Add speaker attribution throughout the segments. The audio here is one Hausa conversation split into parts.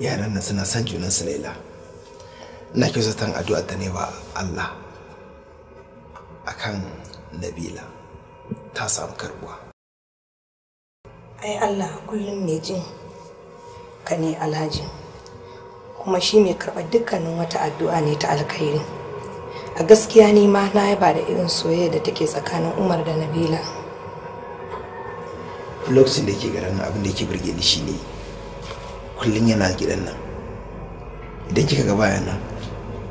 Speaker 1: yaran nan suna son junansu laila ina kyau zaton addu'a da ne wa Allah akan Nabila ta samu karbuwa
Speaker 2: ai Allah kullum mai jin ka ne alhaji kuma shi mai karɓar dukkanin
Speaker 3: wata addu'a ne ta alkhairi a gaskiya ne ma na yaba da irin soyayya da take tsakanin umar da nabila
Speaker 1: lokacin da yake garan abin da yake burge ni shine kullum yana gidan nan idan kika ga baya nan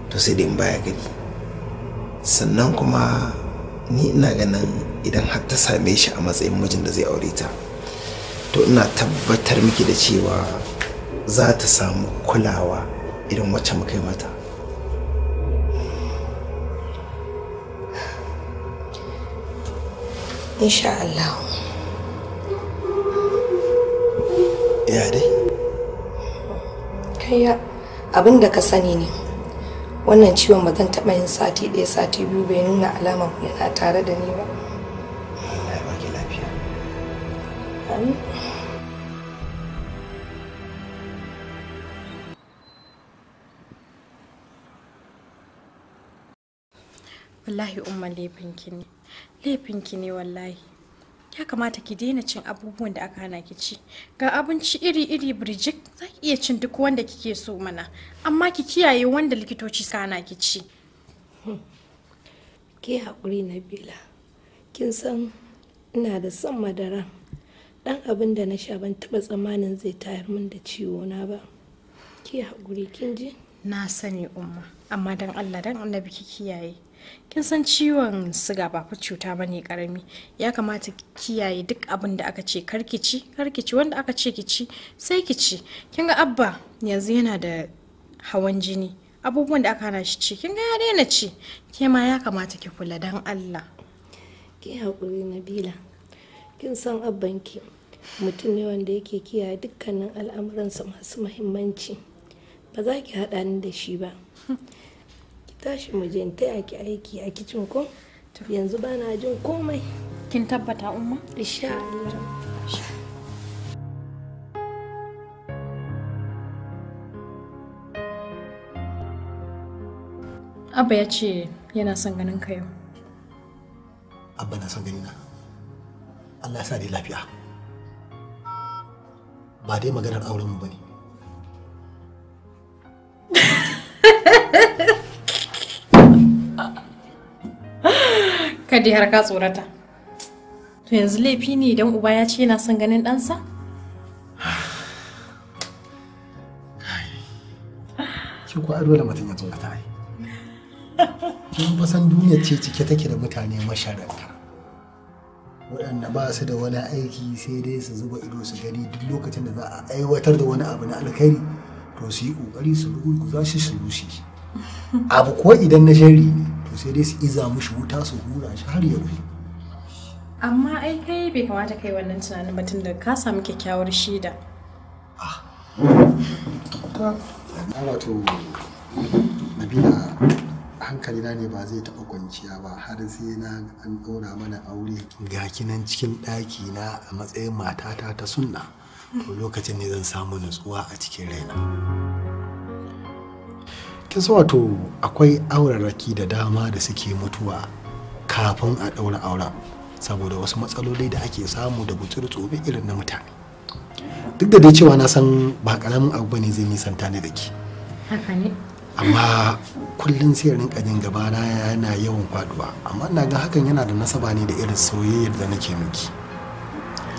Speaker 1: to sai dai in baya gari sannan kuma ni ina ganin idan har ta same shi a matsayin mijin da zai aure ta to ina tabbatar miki da cewa za ta samu kulawa irin wacce muka yi mata
Speaker 2: insha Allah
Speaker 1: ya dai
Speaker 3: kaiya abin da ka sani ne. Wannan ciwon ba zan taɓa yin sati ɗaya sati biyu bai nuna alamar yana tare da ni ba. Allah ya lafiya. wallahi umma laifinki ne laifinki ne wallahi ya kamata ki daina cin abubuwan da aka hana ki ci ga abinci iri-iri birjik za ki iya cin duk wanda kike so mana amma ki kiyaye wanda likitoci sa hana ki ci ke hakuri na bila kin san ina da son madara dan abin da na sha ban taɓa tsammanin zai tayar min da ciwo na ba ke hakuri kin ji na sani umma amma dan allah dan annabi ki kiyaye kin san ciwon siga ba cuta ba ne karami ya kamata kiyaye duk abin da aka ce karkici ci wanda aka ce kici sai kici ci kin ga abba yanzu yana da hawan jini abubuwan da aka hana shi ci kinga ya daina ci ke ma ya kamata ki kula dan Allah ki hakuri Nabila kin san abbanki mutum ne wanda yake kiyaye dukkanin al'amuransa masu muhimmanci ba za ki haɗa ni da shi ba tashi mu je ta yaki aiki a kicin ko yanzu ba na jin komai kin tabbata umma insha Allah Abba ya ce yana son ganin ka yau.
Speaker 1: Abba na son ganin na. Allah ya sa dai lafiya. Ba dai maganar auren mu bane.
Speaker 3: Kadai har ka tsorata. To yanzu laifi ne idan uba ya ce yana son ganin ɗansa?
Speaker 1: Ki kuwa dole mutum ya tsorata ai. Kin ba san duniya ce cike take da mutane masharanta. Waɗanda ba su da wani aiki sai dai su zuba ido su gani duk lokacin da za a aiwatar da wani abu na alkhairi to su yi ƙoƙari su rugu za su shi. Abu ko idan na shari ne ku sai dai su iza mushi wuta su hura shi har ya rufe
Speaker 3: amma ai kai bai kamata kai wannan tunanin batun da ka samu kyakkyawar shida ah wato
Speaker 1: nabila hankali na ne ba zai taɓa kwanciya ba har sai na an ɗora mana aure ga kinan cikin ɗaki na a matsayin matata ta sunna to lokacin ne zan samu nutsuwa a cikin raina. kin san wato akwai auraraki da dama da suke mutuwa kafin a ɗaura aura saboda wasu matsaloli da ake samu da butur tsobe irin na mutane duk da dai cewa na san ba karamin abu bane zai nisanta ni da ke amma kullum sai rin jin gaba na yana yawan faduwa amma na ga hakan yana da nasaba ne da irin soyayyar da nake miki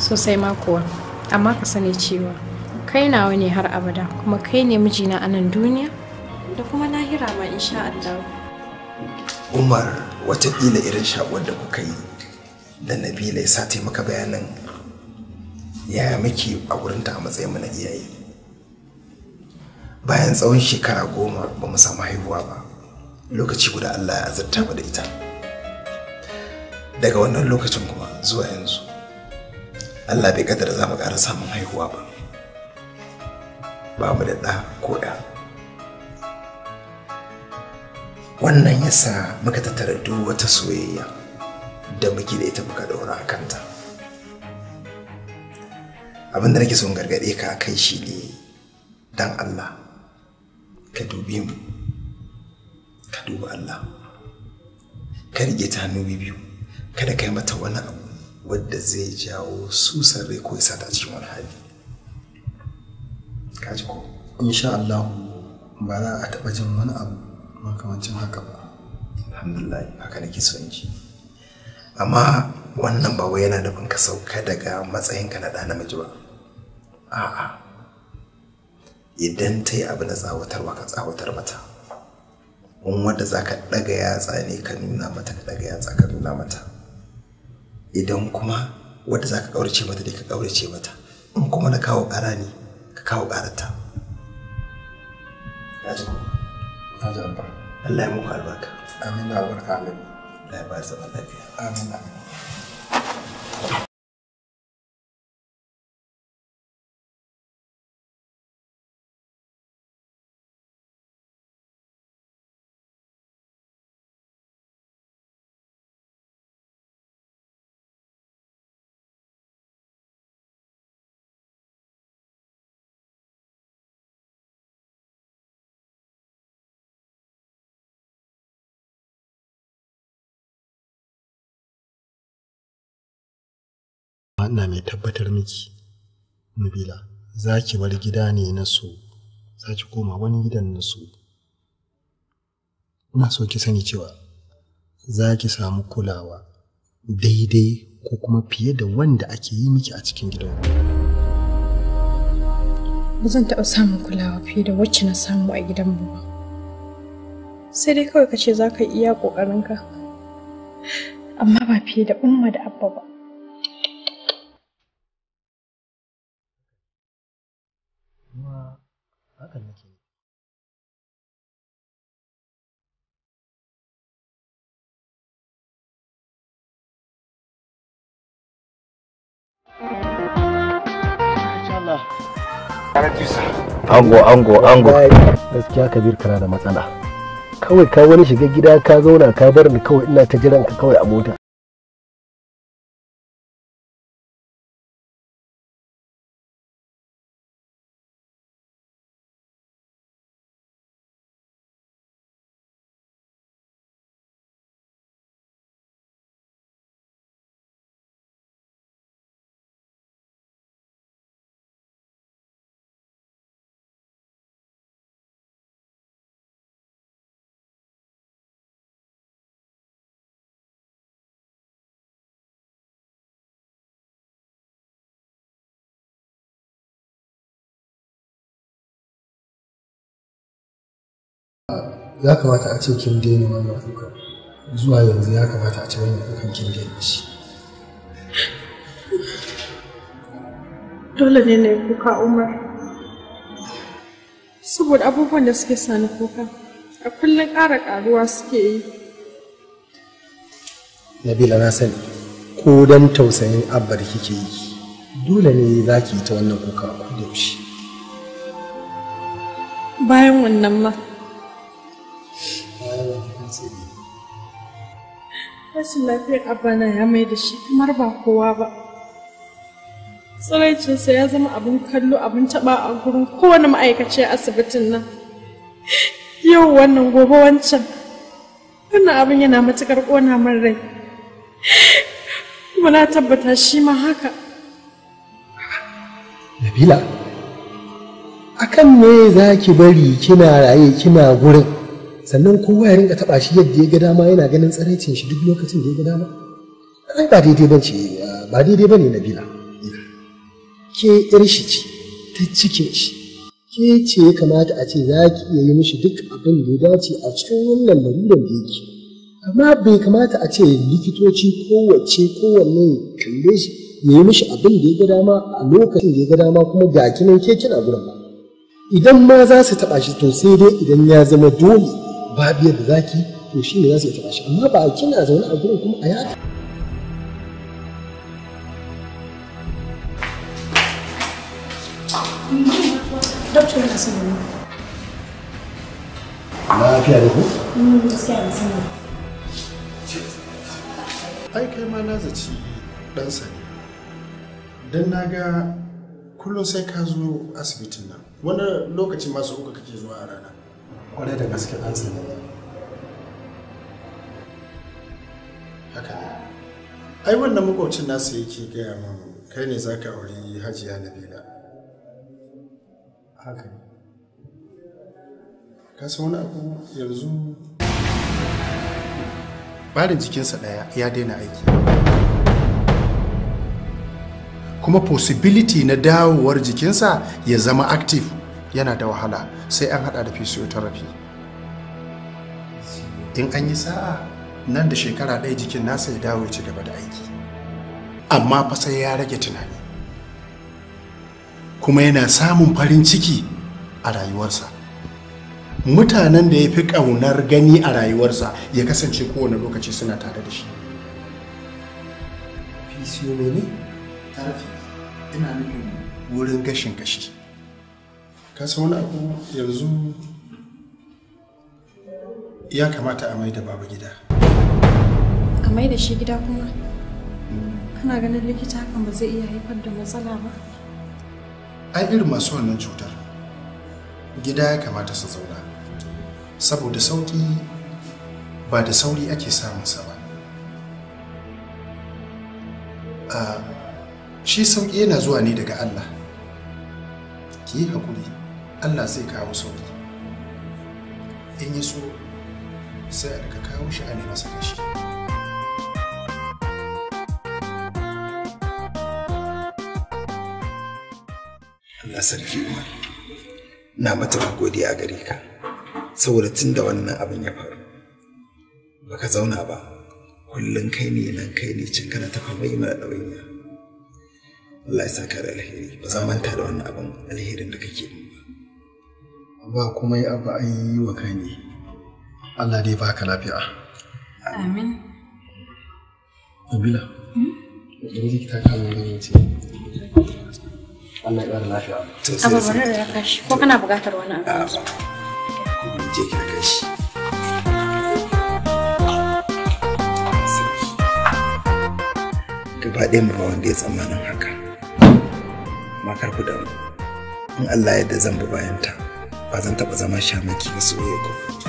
Speaker 3: sosai ma kuwa amma ka sani cewa kai nawa ne har abada kuma kai ne mijina a nan duniya da kuma nahira ma insha Allah.
Speaker 1: Umar watakila irin shakuwar da kuka yi da Nabila ya sa maka bayanan yaya muke a wurinta a matsayin mu na iyaye. Bayan tsawon shekara goma ba mu samu haihuwa ba, lokaci guda Allah ya azurta mu da ita. Daga wannan lokacin kuma zuwa yanzu, Allah bai kadar za mu ƙara samun haihuwa ba. Ba mu da ɗa ko ɗa. wannan yasa muka tattara duk wata soyayya da muke da ita muka daura a kanta abin da nake son gargaɗe ka kai shi ne don Allah ka dubi mu ka duba Allah ka rige ta hannu biyu kada kai mata wani abu wadda zai jawo su rai ko ya ta cikin wani hali ka ji ko insha Allah ba za a taɓa jin wani abu makamancin haka ba alhamdulillah haka nake son ji amma wannan ba wai yana nufin ka sauka daga matsayinka na ɗa namiji ba a'a idan ta yi abu na tsawatarwa ka tsawatar mata in wanda za ka ɗaga yatsa ne ka nuna mata ka ɗaga yatsa ka nuna mata idan kuma wanda za ka ƙaurace mata ne ka ƙaurace mata in kuma na kawo ƙara ne ka kawo ƙarata. ta
Speaker 2: Allah ya muku albarka. Amin na barka Amin. Allah ya Amin. ina mai tabbatar miki nabila
Speaker 1: za ki bar gida ne na so za ki koma wani gidan na so ina so ki sani cewa za ki samu kulawa daidai ko kuma fiye da wanda ake yi miki a cikin gidan
Speaker 3: ba zan taɓa samun kulawa fiye da wacce na samu a gidan mu ba sai dai kawai ka ce za ka iya ƙoƙarinka amma ba fiye
Speaker 2: da umma da abba ba Hakan nake yi.
Speaker 1: Ango, ango, ango. Gaskiya Kabir kana da matsala.
Speaker 2: Kawai ka wani shiga gida ka zauna ka bar ni kawai ina ta jiran ka kawai a mota. ya kamata a ce kin daina wannan kukan zuwa yanzu ya kamata a ce wannan kukan kin daina
Speaker 3: shi dole ne na yi kuka umar saboda abubuwan da suke sani kuka a kullum ƙara ƙaruwa suke yi
Speaker 1: nabila na sani ko don tausayin abbar kike yi dole ne za ki yi ta wannan kuka ko da
Speaker 3: bayan wannan ma rashin lafiyar abana ya mai da shi kamar ba kowa ba tsiraicinsa ya zama abin kallo abin taba a gurin kowane ma'aikaci a asibitin nan yau wannan gobe wancan wannan abin yana matukar ƙona min rai kuma na tabbata shi ma haka
Speaker 1: nabila akan ne za ki bari kina raye kina gurin sannan kowa ya rinka taɓa shi yadda ya ga dama yana ganin tsaraicin shi duk lokacin da ya ga dama ai ba daidai ba ba daidai bane na bila ke yar shi ce ta cikin shi ke ce ya kamata a ce za ki iya yi mishi duk abin da ya dace a cikin wannan laluran da yake amma bai kamata a ce likitoci kowace kowanne kalle shi ya yi mishi abin da ya ga dama a lokacin da ya ga dama kuma ga kinan ke kina gurin ba idan ma za su taɓa shi to sai dai idan ya zama dole babiyar da zaki to shi ne za su iya taɓa amma ba kina zaune a gurin kuma a yaka na sanin. da ku? Ai kai ma na zaci ɗansa ne. naga na ga kullum sai ka zo asibitin nan. Wani lokaci masu uku kake zuwa a rana. kwarai da gaske ɗansa ne haka ne ai wannan makwacin nasu yake gaya min kai ne za ka auri hajiya bela haka ne ka san wani abu yanzu barin jikinsa ɗaya ya daina aiki kuma possibility na dawowar jikinsa ya zama active yana da wahala sai an hada da physiotherapy in an yi sa'a nan da shekara ɗaya jikin nasa ya dawo ya ci gaba da aiki amma fa sai ya rage tunani kuma yana samun farin ciki a rayuwarsa mutanen da ya fi ƙaunar gani a rayuwarsa ya kasance kowane lokaci suna tare da shi fisiyo ne ina nufin wurin gashin gashi. ka san wani abu yanzu ya kamata a mai da baba gida
Speaker 3: a mai da shi gida kuma kana ganin likita hakan ba zai iya haifar da matsala ba
Speaker 1: ai irin masu wannan cutar gida ya kamata su zauna saboda sauki ba da sauri ake samunsa ba ah, shi sauƙi yana zuwa ne daga Allah ki yi haƙuri allah zai kawo sauki in yi so sai a daga kawo shi a ne masa da shi allah sarki umar na matuƙar godiya gare ka saboda tun da wannan abin ya faru baka zauna ba kullum kai ne nan kai ne cin kana ta fama yi mana ɗawainiya Allah ya saka da alheri ba za manta da wannan abin alherin da kake yi ba kuma abu an yi wa kai ne Allah dai baka lafiya amin abila hmm? da zai ta kama da ce Allah ya ƙara lafiya abu bari da
Speaker 3: raka shi ko kana bukatar wani abu
Speaker 1: je ki raka shi gaba ɗaya mu ba wanda ya tsammanin haka makar ku da in Allah ya da zan bi bayanta. ba zan taɓa zama shamaki na soyayya ko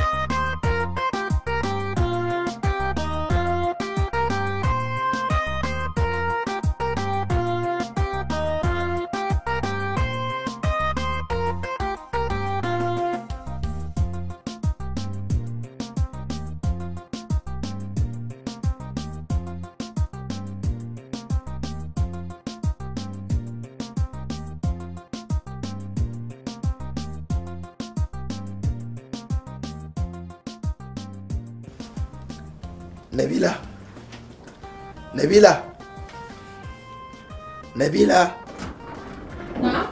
Speaker 1: Nabila. Na?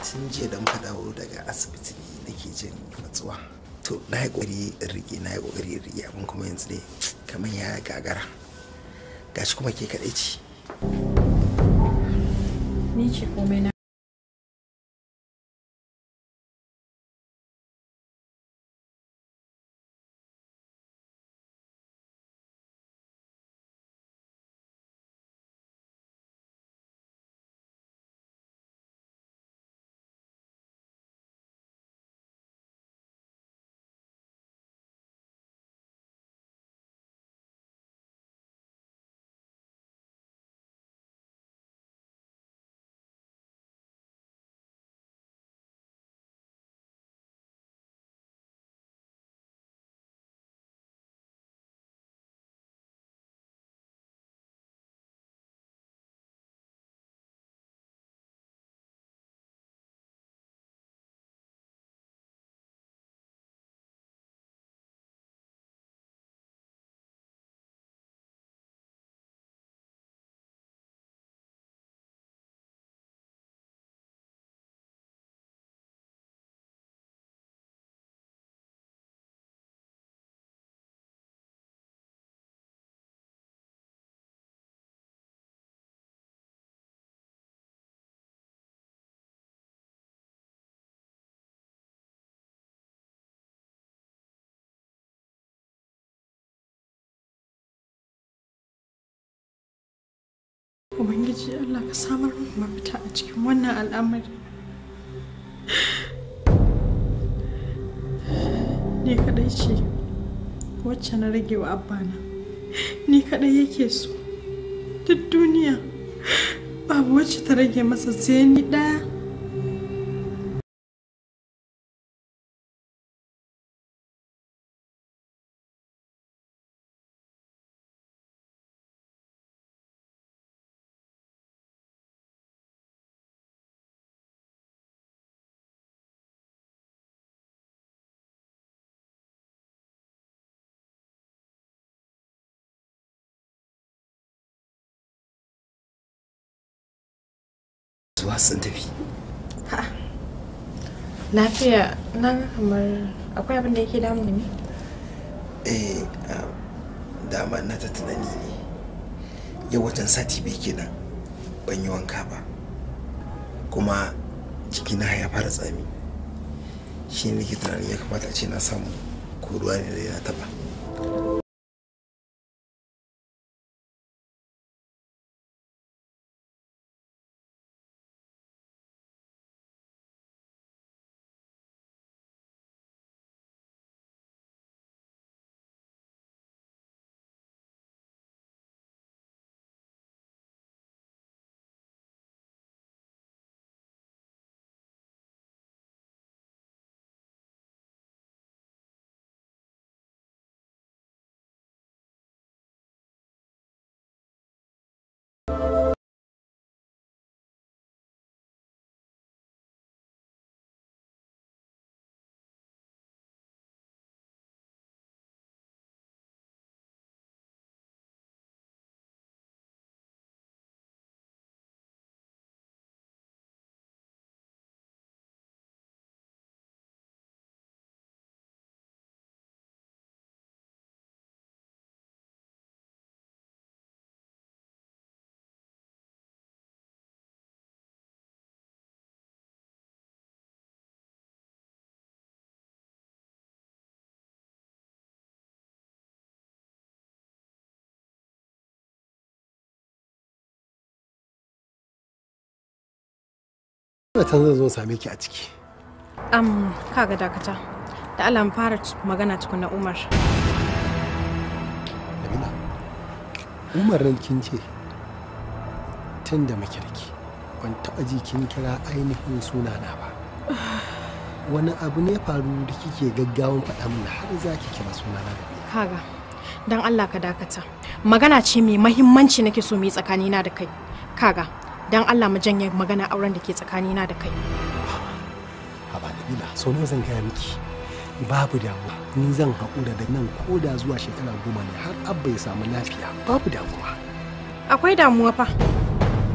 Speaker 1: Tun jiya da muka dawo daga asibiti ne nake jin matsuwa. To na yi ƙoƙari in rike na yi ƙoƙari in rike
Speaker 2: abin kuma yanzu ne kamar ya gagara. Gashi kuma ke kaɗai ce. Ni ce komai na. ubangiji allah ka samar min mafita a cikin wannan al'amari
Speaker 3: ni kadai ce wacce na rage wa abana ni kadai yake so duk duniya
Speaker 2: babu wacce ta rage masa sai ni daya zuwa sun tafi
Speaker 3: lafiya nan kamar akwai abin da yake damu ne
Speaker 2: eh
Speaker 1: dama na ta tunani ne yau watan sati bai kenan ban yi wanka ba kuma jikina ya fara tsami
Speaker 2: shi ne ke tunanin ya kamata ce na samu ko ruwa ne da ya taba Ina can zan zo same ki a ciki
Speaker 3: am kaga dakata da Allah mu fara magana tukuna Umar
Speaker 1: Amina. Umar nan kin ce tun da muke riki ban taɓa ji kin kira ainihin sunana ba wani abu ne faru da kike gaggawan faɗa min har za ki kira sunana
Speaker 3: ka kaga don Allah ka dakata magana ce mai mahimmanci nake so mu yi tsakanina da kai kaga don Allah mu janye magana auren da ke tsakanina da kai.
Speaker 1: Haba bila. so ne zan gaya miki babu damuwa ni zan haƙura da nan ko da zuwa shekara goma ne har abba ya samu lafiya babu damuwa.
Speaker 3: Akwai damuwa fa.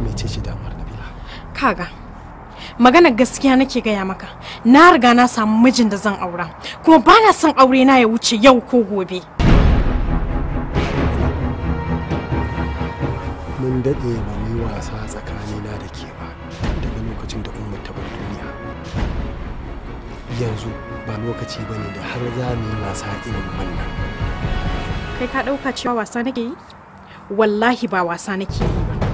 Speaker 3: Me ce damuwar Nabila? Kaga. Magana gaskiya nake gaya maka, na riga na samu mijin da zan aura, kuma ba na son aure na ya wuce yau ko gobe.
Speaker 1: Mun daɗe ba mu wasa tsakanin yanzu ba lokaci ba ne da har za mu yi wasa irin wannan
Speaker 3: kai ka ɗauka cewa wasa nake yi wallahi ba wasa nake yi ba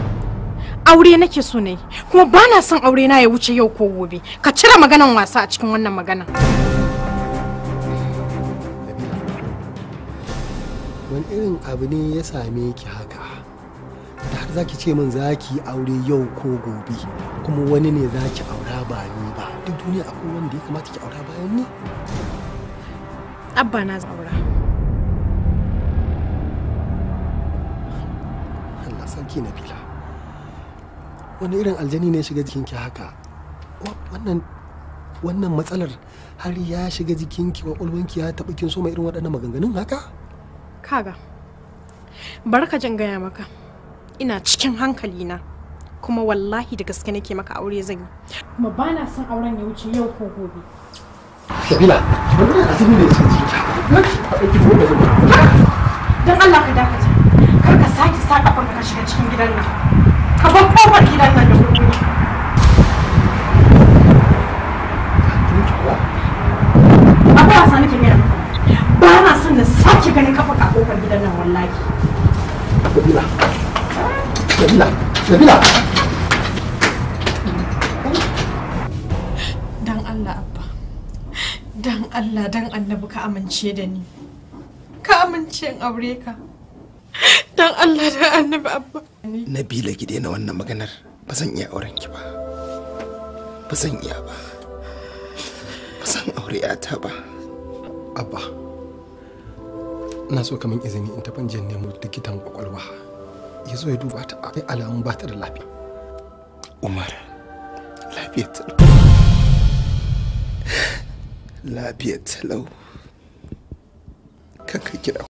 Speaker 3: aure nake so ne kuma ba na son aure na ya wuce yau ko gobe ka cire maganan wasa a cikin wannan magana
Speaker 1: wani irin abu ne ya same ki haka da har za ce min zaki ki aure yau ko gobe kuma wani ne zaki aura ba ni ba
Speaker 3: cikin duniya akwai wanda ya kamata ki aura bayan ni abba na aura Allah sarki bila.
Speaker 1: wani irin aljani ne shiga jikinki haka wannan wannan matsalar har ya shiga jikinki ki ya taɓa kin so mai irin waɗannan maganganun haka
Speaker 3: kaga barka jin gaya maka ina cikin hankalina kuma wallahi da gaske nake maka aure zan yi kuma ba na son auren ya wuce yau ko gobe
Speaker 4: Shabila wannan azumi ne ce
Speaker 3: Don Allah ka dakata kar ka sake sa kafan ka shiga cikin gidan nan ka bar kofar gidan nan da wuri akwai wasa nake mira ba na son na sake ganin kafa ka kofar gidan nan wallahi
Speaker 1: Shabila Shabila Shabila
Speaker 3: Allah dan annabi ka amince da ni ka amince in aure ka dan Allah da annabi abba
Speaker 1: Nabila ki daina wannan maganar ba zan iya auren ki ba ba zan iya ba ba zan aure ta ba abba na so min izini in tafi jin nemo likitan kwakwalwa ya zo ya duba ta akwai alamun ba ta da lafiya umar lafiya ta
Speaker 2: lafiya talau kaka kiɗa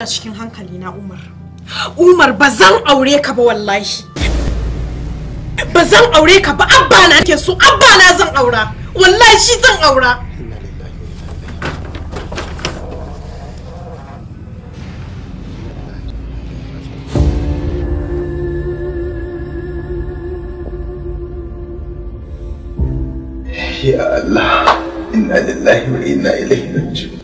Speaker 2: a cikin hankali na umar umar ba zan
Speaker 3: aure ka ba wallahi ba zan aure ka ba abba na ke so abba na zan aura wallahi shi zan aura
Speaker 1: يا الله إنا لله وإنا إليه راجعون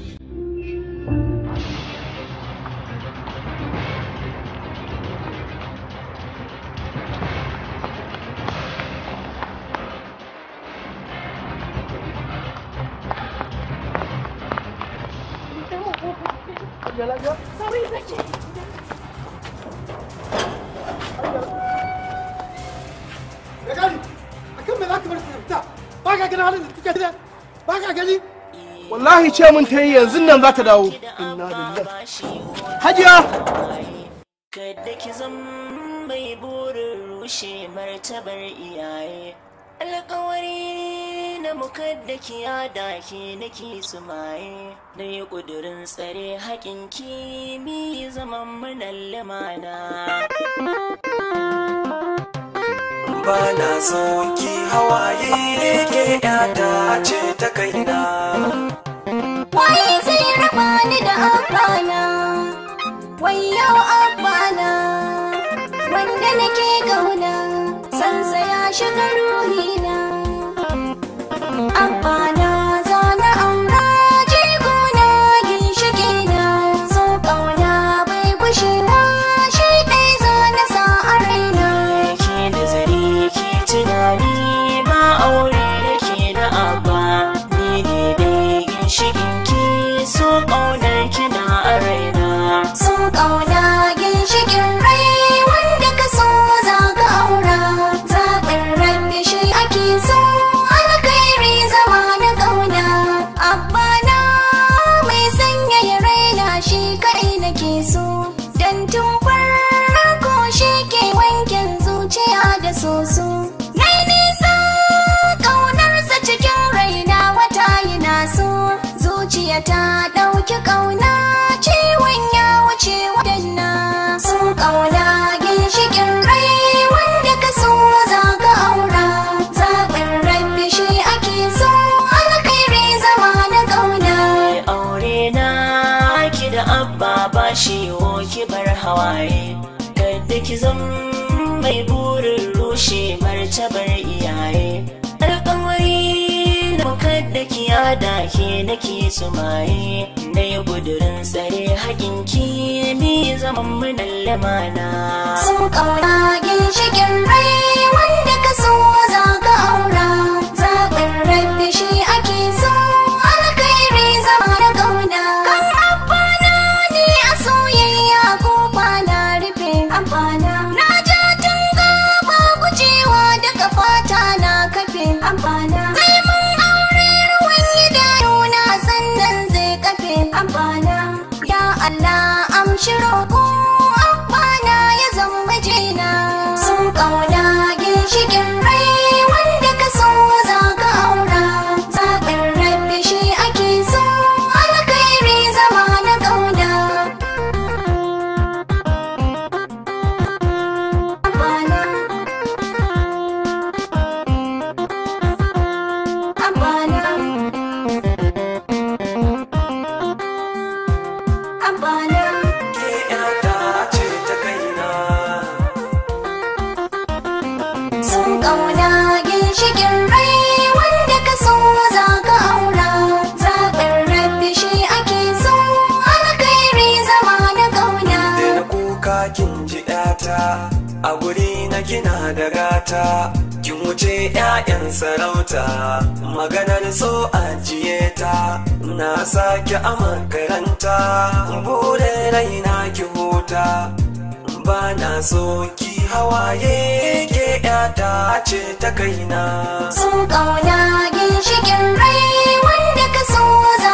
Speaker 5: ba halin da da ba ka gani
Speaker 1: wallahi ce mun ta yi yanzu nan za ta dawo inna
Speaker 5: lillahi hajiya kada ki zan mai burin rushe martabar iyaye alkawari na mukaddaki ya dake nake su maye na yi ƙudurin tsare haƙin kimi zaman mana ba na soki hawaye ke yata ce ta kaina waye zai raba
Speaker 4: ni da amfana
Speaker 5: zan mai burin rushe martabar iyaye alƙawari da mukadda ki yada ke nake su maye na yi gudurin tsare haƙin ki zaman mu na sun ƙaura ginshikin raiwa kina da rata ki wuce 'ya'yan sarauta maganar so ajiye ta na sake a makaranta bude raina ki huta ba na so ki hawaye ke 'yata ce ta kaina sun ƙauna
Speaker 2: ginshikin rai wanda ka so